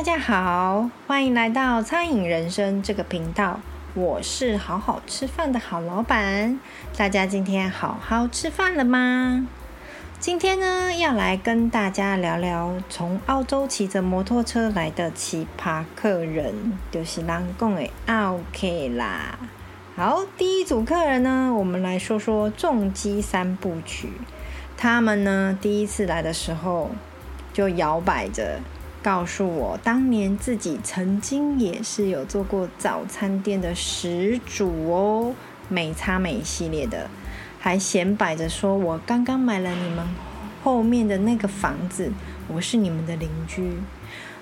大家好，歡迎來到餐飲人生這個頻道，我是好好吃飯的好老闆。大家今天好好吃飯了嗎？今天呢，要來跟大家聊聊從澳洲騎着摩托車來的奇葩客人，就是南共。誒，OK 啦。好，第一組客人呢，我們來說說重機三部曲。他們呢，第一次來的時候就搖擺着。告訴我，當年自己曾經也是有做過早餐店的始祖哦，美差美系列的，還顯擺着說我剛剛買了你們後面的那個房子，我是你們的鄰居。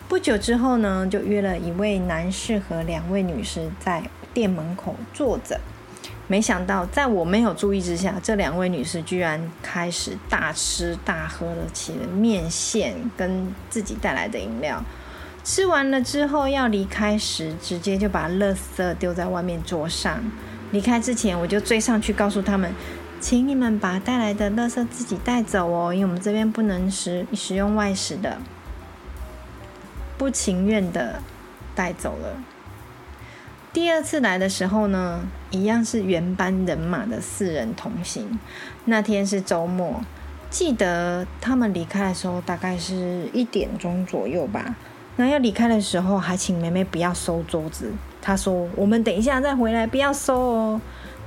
不久之後呢，就約了一位男士和兩位女士在店門口坐着。沒想到，在我沒有注意之下，這兩位女士居然開始大吃大喝了起來，麵線跟自己帶來的飲料。吃完了之後要離開時，直接就把垃圾丟在外面桌上。離開之前，我就追上去告訴他們：“請你們把帶來的垃圾自己帶走哦，因為我們這邊不能食，食用外食的。”不情願的帶走了。第二次來的時候呢？一樣是原班人馬的四人同行。那天是週末，記得他們離開的時候大概是一點鐘左右吧。那要離開的時候，還請妹妹不要收桌子。他說：“我們等一下再回來，不要收哦。”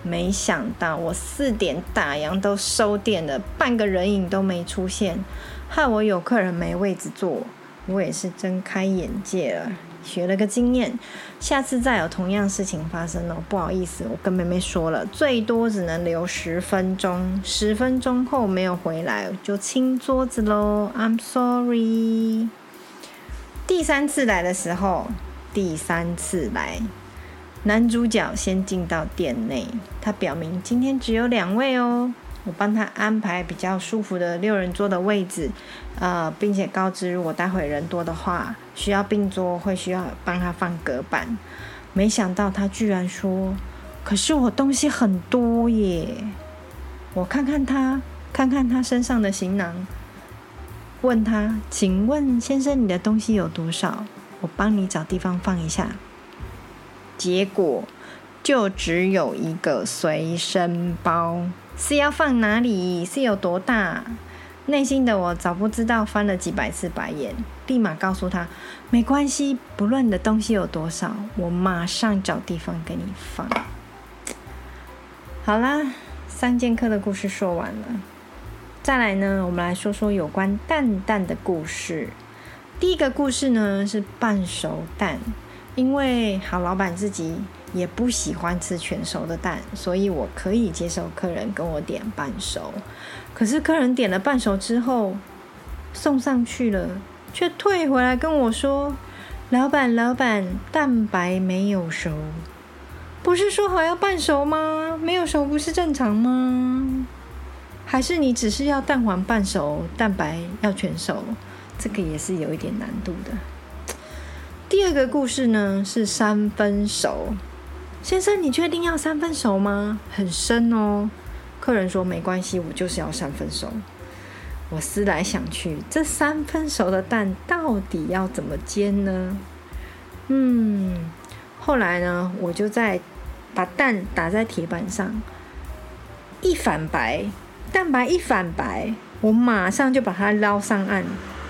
沒想到我四點打烊都收店了，半個人影都沒出現，害我有客人沒位子坐。我也是睜開眼界了。學了個經驗，下次再有同樣事情發生哦，不好意思，我跟妹妹說了，最多只能留十分鐘，十分鐘後沒有回來就清桌子嘍。I'm sorry！第三次來的時候，第三次來，男主角先進到店內，他表明今天只有兩位哦。我幫他安排比較舒服的六人桌的位置，呃，並且告知如果待會人多的話，需要並桌會需要幫他放隔板。沒想到他居然說：“可是我東西很多耶！”我看看他，看看他身上的行囊，問他：“請問先生，你的東西有多少？我幫你找地方放一下。”結果就只有一個隨身包。是要放哪裡？是有多大？內心的我早不知道翻了幾百次白眼，立馬告訴他沒關係，不論你的東西有多少，我馬上找地方給你放。好啦，三劍客的故事說完了，再來呢，我們來說說有關蛋蛋的故事。第一個故事呢是半熟蛋，因為好老闆自己。也不喜歡吃全熟的蛋，所以我可以接受客人跟我點半熟。可是客人點了半熟之後，送上去了，卻退回來跟我說：“老闆，老闆，蛋白沒有熟。”不是說好要半熟嗎？沒有熟不是正常嗎？還是你只是要蛋黃半熟，蛋白要全熟？這個也是有一點難度的。第二個故事呢，是三分熟。先生，你確定要三分熟嗎？很生哦。客人說沒關係，我就是要三分熟。我思來想去，這三分熟的蛋到底要怎麼煎呢？嗯，後來呢，我就在把蛋打在鐵板上，一反白，蛋白一反白，我馬上就把它撈上岸。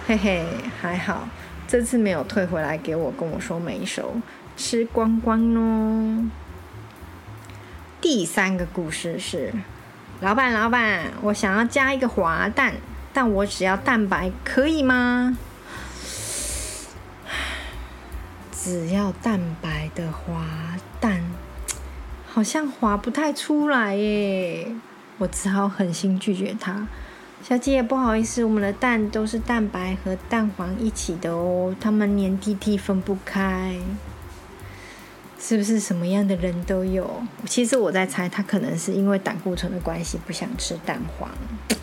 嘿嘿，還好，這次沒有退回來給我，跟我說沒熟。吃光光嘍！第三個故事是：老闆，老闆，我想要加一個滑蛋，但我只要蛋白，可以嗎？只要蛋白的滑蛋，好像滑不太出來耶，我只好狠心拒絕他。小姐，不好意思，我們的蛋都是蛋白和蛋黃一起的哦，他們黏滴滴，分不開。是不是什麼樣的人都有？其實我在猜，他可能是因為膽固醇的關係不想吃蛋黃，，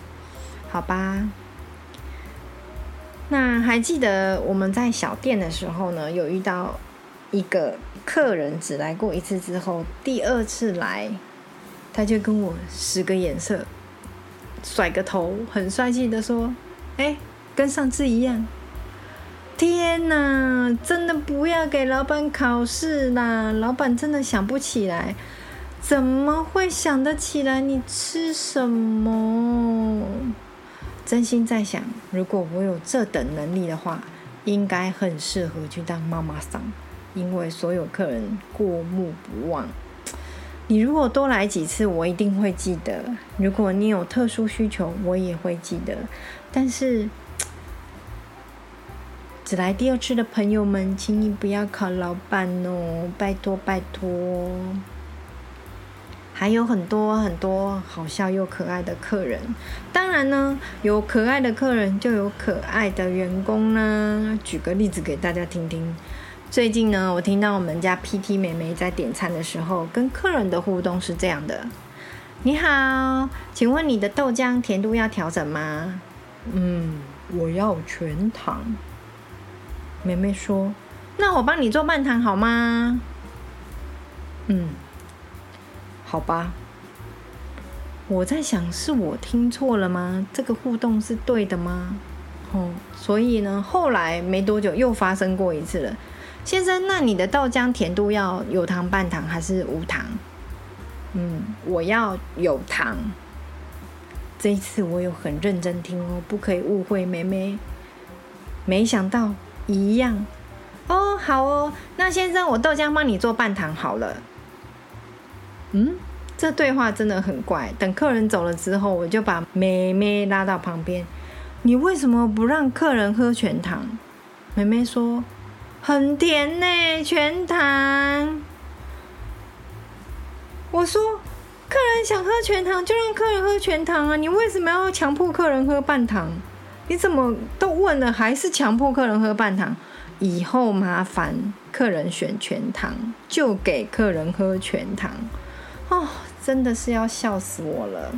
好吧。那還記得我們在小店的時候呢，有遇到一個客人，只來過一次之後，第二次來，他就跟我使個眼色，甩個頭，很帥氣的說：“哎，跟上次一樣。”天哪，真的不要給老闆考試啦！老闆真的想不起來，怎麼會想得起來？你吃什麼？真心在想，如果我有這等能力的話，應該很適合去當媽媽桑，因為所有客人過目不忘。你如果多來幾次，我一定會記得。如果你有特殊需求，我也會記得。但是。只來第二次的朋友們，請你不要考老板哦，拜托拜托！還有很多很多好笑又可愛的客人，當然呢，有可愛的客人就有可愛的員工呢。舉個例子給大家聽聽，最近呢，我聽到我們家 PT 妹妹在點餐的時候跟客人的互動是這樣的：你好，請問你的豆漿甜度要調整嗎？嗯，我要全糖。妹妹說：“那我幫你做半糖好嗎？”嗯，好吧。我在想，是我聽錯了嗎？這個互動是對的嗎？哦，所以呢，後來沒多久又發生過一次了。先生，那你的豆漿甜度要有糖、半糖還是無糖？嗯，我要有糖。這一次我有很認真聽哦，不可以誤會妹妹。沒想到。一樣，哦，好哦，那先生，我豆漿幫你做半糖好了。嗯，這對話真的很怪。等客人走了之後，我就把妹妹拉到旁邊，你為什麼不讓客人喝全糖？妹妹說很甜呢，欸，全糖。我說，客人想喝全糖就讓客人喝全糖啊，你為什麼要強迫客人喝半糖？你怎麼都問了，還是強迫客人喝半糖？以後麻煩客人選全糖，就給客人喝全糖。哦，真的是要笑死我了。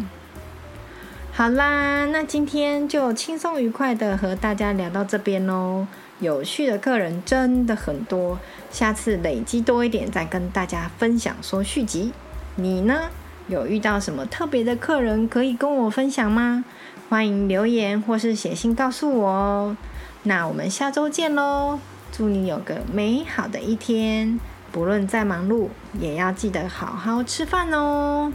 好啦，那今天就輕鬆愉快的和大家聊到這邊嘍。有趣的客人真的很多，下次累積多一點再跟大家分享說續集。你呢？有遇到什麼特別的客人可以跟我分享嗎？歡迎留言或是寫信告訴我哦。那我們下周見嘍，祝你有個美好的一天，不論再忙碌，也要記得好好吃飯哦。